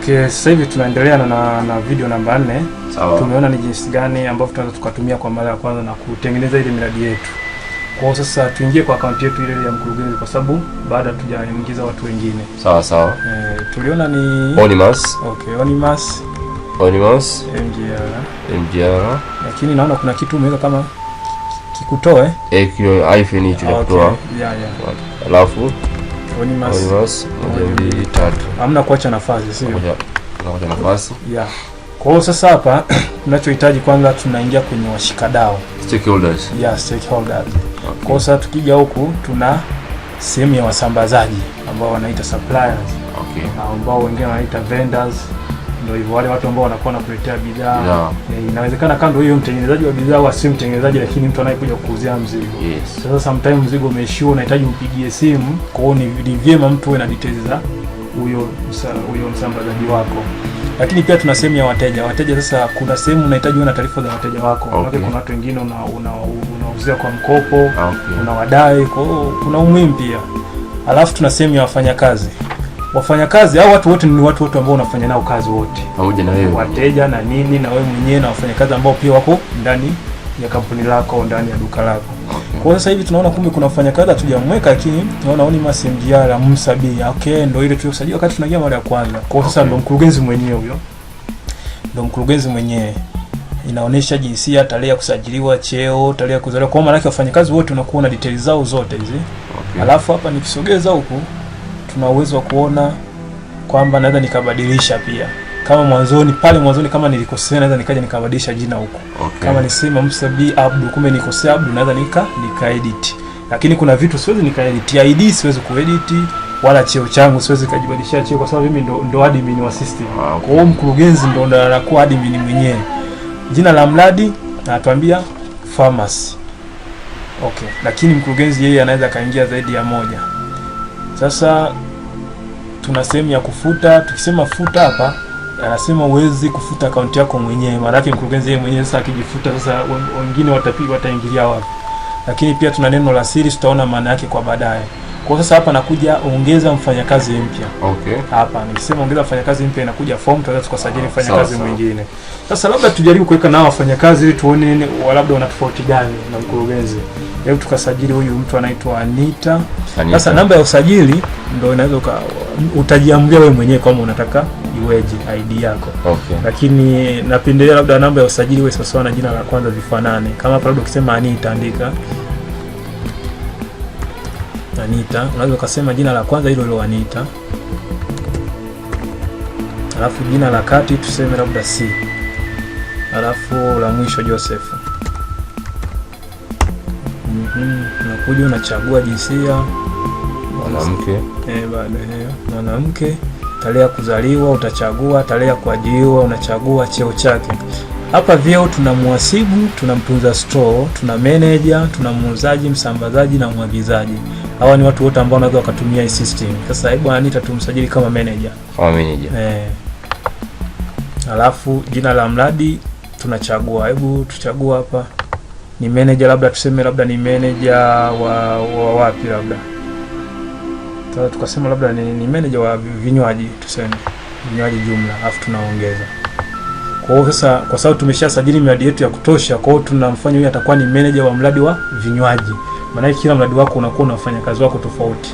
Okay, sasa hivi tunaendelea na, na video namba 4. Sawa. Tumeona ni jinsi gani ambavyo tunaweza tukatumia kwa mara ya kwanza na kutengeneza ile miradi yetu. Kwa hiyo sasa tuingie kwa akaunti yetu ile ya mkurugenzi kwa sababu baada tujaingiza watu wengine. Sawa sawa. Eh, tuliona ni Onimas. Okay, Onimas. Onimas. MGR. MGR. Lakini naona kuna kitu umeweka kama kikutoe. Eh, hiyo iPhone hicho ah, kutoa. Yeah, yeah. Alafu Onimas hamna kuacha nafasi, sio kuacha nafasi yeah. Kwa hiyo sasa hapa tunachohitaji kwanza, tunaingia kwenye washikadau stakeholders, yeah stakeholders. Okay. Kwa hiyo sasa tukija huku tuna sehemu ya wasambazaji ambao wanaita suppliers, okay, ambao wengine wanaita vendors ndio hivyo, wale watu ambao wanakuwa wanakuletea bidhaa yeah. Eh, inawezekana kando ndio huyo mtengenezaji wa bidhaa au si mtengenezaji, lakini mtu anayekuja kukuuzia mzigo yes. Sasa sometimes mzigo umeishiwa, unahitaji upigie simu. Kwa hiyo ni vyema mtu awe na details za huyo huyo msambazaji wako lakini pia tuna sehemu ya wateja. Wateja sasa, kuna sehemu unahitaji uwe na taarifa za wateja wako okay. Kuna watu wengine unauzia una, una kwa mkopo okay. Una wadai, kwa hiyo kuna umuhimu pia. Alafu tuna sehemu ya wafanyakazi wafanyakazi au watu wote ni watu wote ambao unafanya nao kazi wote, pamoja na wewe wateja na nini na wewe mwenyewe na wafanyakazi ambao pia wako ndani ya kampuni lako ndani ya duka lako. Okay. Kwa sasa hivi tunaona kumbe kuna wafanyakazi hatujamweka, lakini tunaona oni masi mjara msabi. Okay, ndio ile tuliosajili wakati tunaingia mara ya kwanza. Kwa sasa okay. Ndio mkurugenzi mwenyewe huyo, ndio mkurugenzi mwenyewe inaonesha jinsia, tarehe ya kusajiliwa, cheo, tarehe ya kuzaliwa. Kwa maana yake wafanyakazi wote unakuwa na details zao zote hizi. Okay. Alafu hapa nikisogeza huku tuna uwezo wa kuona kwamba naweza nikabadilisha pia kama mwanzoni pale mwanzoni, kama nilikosea, naweza nikaja nikabadilisha jina huko okay. Kama nisema msa b Abdu, kumbe nikosea Abdu, naweza nika nikaedit, lakini kuna vitu siwezi nikaedit, ID siwezi kuedit wala cheo changu siwezi kujibadilishia cheo, kwa sababu mimi ndo, ndo admin wa system ah, okay. Kwa hiyo mkurugenzi ndo ndo anakuwa admin mwenyewe. Jina la mradi anatuambia pharmacy okay, lakini mkurugenzi yeye anaweza kaingia zaidi ya moja sasa tuna sehemu ya kufuta. Tukisema futa hapa, anasema uwezi kufuta akaunti yako mwenyewe, maana yake mkurugenzi yeye mwenyewe sasa akijifuta, sasa wengine watapiga, wataingilia wapi? Lakini pia tuna neno la siri, tutaona maana yake kwa baadaye. Kwa sasa hapa nakuja ongeza mfanyakazi mpya. Okay. Hapa nikisema ongeza mfanyakazi mpya inakuja form tunaweza tukasajili ah, mfanyakazi mwingine. Sasa labda tujaribu kuweka nao wafanyakazi ili tuone labda wana tofauti gani na mkurugenzi. Hebu tukasajili huyu mtu anaitwa Anita. Sasa namba ya usajili ndio inaweza utajiamulia wewe mwenyewe kama unataka iweje ID yako. Okay. Lakini napendelea labda namba ya usajili wewe sasa na jina la kwanza vifanane. Kama hapa labda ukisema Anita andika Anita, unaweza ukasema jina la kwanza hilo hilo Anita, alafu jina la kati tuseme labda C, alafu la mwisho Joseph. Mm-hmm. Unakuja unachagua jinsia mwanamke, eh, baada ya mwanamke, tarehe ya kuzaliwa utachagua, tarehe ya kuajiiwa unachagua, cheo chake hapa vyeo tuna mhasibu, tuna mtunza store, tuna manager, tuna muuzaji, msambazaji na mwagizaji. Hawa ni watu wote ambao wanaweza wakatumia hii system. Sasa hebu Anita tumsajili kama manager. Kama manager. Eh. Alafu jina la mradi tunachagua. Hebu tuchagua hapa. Ni manager labda tuseme labda ni manager wa, wa wapi labda. Tuta, tukasema labda ni, ni manager wa vinywaji tuseme. Vinywaji jumla, alafu tunaongeza. Kwa hiyo sasa, kwa sababu tumeshasajili miradi yetu ya kutosha, kwa hiyo tunamfanya huyu atakuwa ni manager wa mradi wa vinywaji. Maana kila mradi wako unakuwa na wafanyakazi wako tofauti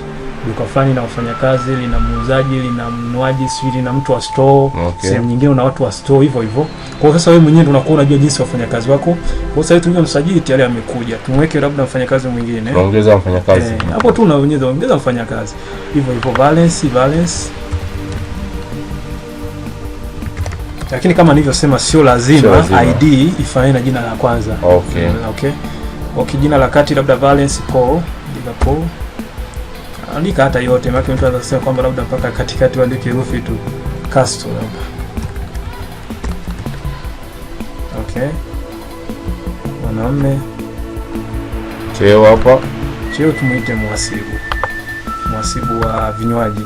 duka fulani na wafanyakazi, lina muuzaji, lina mnunuaji, sijui lina mtu wa store okay. Sehemu nyingine una watu wa store hivyo hivyo. Kwa hiyo sasa wewe mwenyewe unakuwa unajua jinsi wafanyakazi wako. Kwa hiyo sasa tunyo msajili tayari amekuja, tumweke labda mfanyakazi mwingine, ongeza mfanyakazi eh, hapo e, tu unaongeza ongeza mfanyakazi hivyo hivyo, balance balance lakini kama nilivyosema sio lazima, sio lazima ID ifanane na jina la kwanza. Okay. Okay. Okay, jina la kati labda Valence Paul, Liverpool. Andika hata yote, maana mtu anaweza kusema kwamba labda mpaka katikati waandike herufi tu Castro labda. Okay. Mwanamume. Cheo hapa. Cheo tumuite mwasibu. Mwasibu wa vinywaji.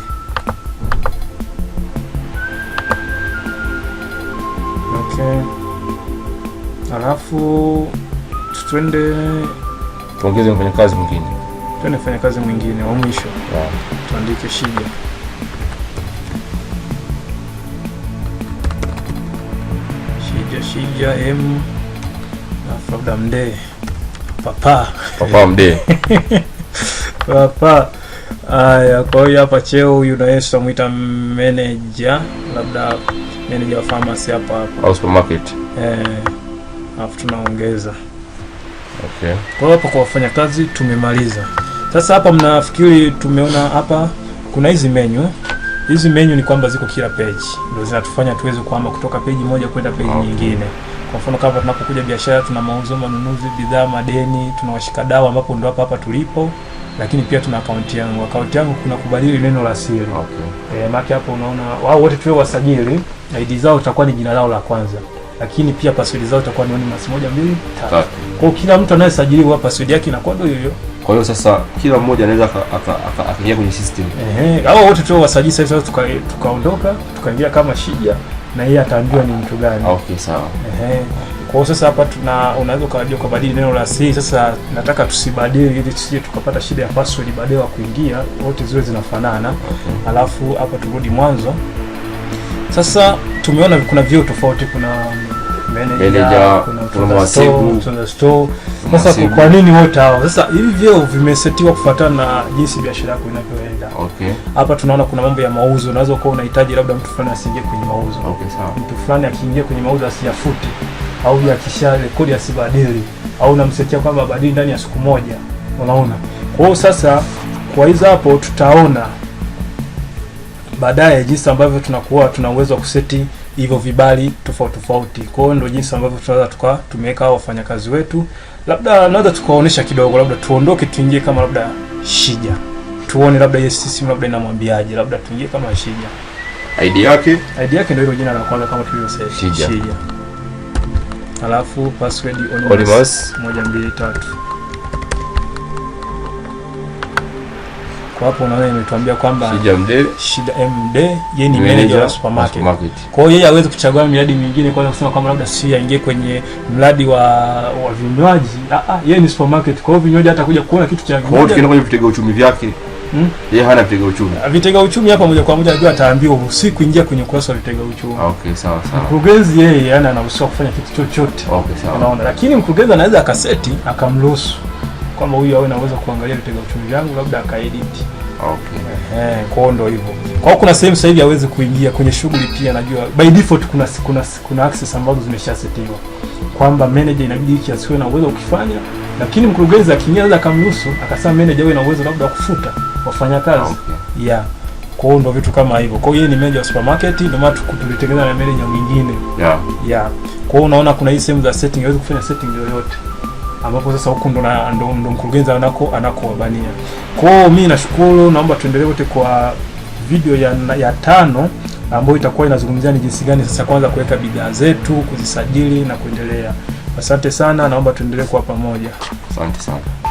Okay. Alafu tutwende tuongeze kazi mwingine, twende kazi mwingine wa mwisho yeah. Tuandike Shija Shija Shija M labda Mdee Papa Papa Mdee Papa Aya, kwa hiyo hapa cheo huyu na Yesu amuita manager, labda manager wa pharmacy hapa hapa au supermarket eh, alafu tunaongeza okay. Kwa hiyo hapa kwa wafanya kazi tumemaliza. Sasa hapa mnafikiri tumeona hapa kuna hizi menu hizi menu ni kwamba ziko kila page, ndio zinatufanya tuweze kwamba kutoka page moja kwenda page okay, nyingine. Kwa mfano kama tunapokuja biashara, tuna mauzo, manunuzi, bidhaa, madeni, tuna washikadau ambapo ndio hapa hapa tulipo lakini pia tuna akaunti yangu. Akaunti yangu kuna kubadili neno la siri okay. E, eh, maki hapo unaona wao wote tuwe wasajili, ID zao itakuwa ni jina lao la kwanza, lakini pia password zao itakuwa ni mas moja mbili tatu. Kwa kila mtu anayesajiliwa password yake inakuwa ndio hiyo. Kwa hiyo sasa kila mmoja anaweza akaingia kwenye system ehe, hao wote tuwe wasajili. Sasa tuka tukaondoka tukaingia kama Shija na yeye ataambiwa ni mtu gani. Okay, sawa ehe. Kwa hiyo sasa hapa tuna unaweza ukaja ukabadili neno la siri. Sasa nataka tusibadili ili tusije tukapata shida ya password baadaye wa kuingia, wote ziwe zinafanana. Alafu hapa turudi mwanzo. Sasa tumeona kuna view tofauti, kuna meneja, kuna mwasibu, tuna store. Sasa kwa nini wote hawa Sasa hivi vyo vimesetiwa kufuatana na jinsi biashara yako inavyoenda. Okay. Hapa tunaona kuna mambo ya mauzo, unaweza kuwa unahitaji labda mtu fulani asiingie kwenye mauzo. Okay, sawa. Mtu fulani akiingia kwenye mauzo asiyafuti au yakisha rekodi asibadili au unamsetia kwamba badili ndani ya siku moja. Unaona? Kwa hiyo sasa kwa hizo hapo tutaona baadaye jinsi ambavyo tunakuwa tuna uwezo wa kuseti hivyo vibali tofauti tofauti. Kwa hiyo ndio jinsi ambavyo tunaweza tuka tumeweka hao wafanyakazi wetu. Labda naweza tukaonesha kidogo, labda tuondoke tuingie kama labda Shija, tuone labda yes, sisi labda inamwambiaje, labda tuingie kama Shija. ID yake ID yake ndio hilo jina la kwanza kama tulivyosema Shija, Shija. Alafu password onimos 1233 kwa hapo unaona imetuambia kwamba Shija MD Shida MD yeye ni manager wa supermarket. supermarket. Kwa hiyo yeye hawezi kuchagua miradi mingine kwa kusema kwamba labda si aingie kwenye mradi wa wa vinywaji. Ah ah, yeye ni supermarket. Kwa hiyo vinywaji hata kuja kuona kitu cha vinywaji. Kwa hiyo tukienda kwenye vitega uchumi vyake. Hmm? Yeye hana vitega uchumi. Ah, vitega uchumi hapa moja kwa moja ajua ataambiwa usiku ingia kwenye kurasa wa vitega uchumi. Okay, sawa sawa. Mkurugenzi yeye yana anahusika kufanya kitu chochote. Okay, sawa. Unaona? Lakini mkurugenzi anaweza akaseti akamruhusu kwamba huyu awe naweza kuangalia vitega uchumi vyangu labda akaediti. Okay. Eh, kwao ndo hivyo. Kwa kuna sehemu sasa hivi hawezi kuingia kwenye shughuli pia najua. By default kuna kuna kuna access ambazo zimeshasetiwa. Kwamba manager inabidi hichi asiwe na uwezo ukifanya, lakini mkurugenzi akiingia anaweza akamruhusu akasema manager awe na uwezo labda kufuta wafanyakazi. Okay. Yeah. Kwa ndo vitu kama hivyo. Kwa hiyo yeye ni manager wa supermarket ndio maana tulitengeneza na manager mwingine. Yeah. Yeah. Kwa hiyo unaona kuna hii sehemu za setting hawezi kufanya setting yoyote ambapo sasa huku ndo, ndo, ndo mkurugenzi anako anakowabania. Kwao mimi nashukuru, naomba tuendelee wote kwa video ya, ya tano ambayo itakuwa inazungumzia ni jinsi gani sasa kwanza kuweka bidhaa zetu, kuzisajili na kuendelea. Asante sana, naomba tuendelee kwa pamoja. Asante sana.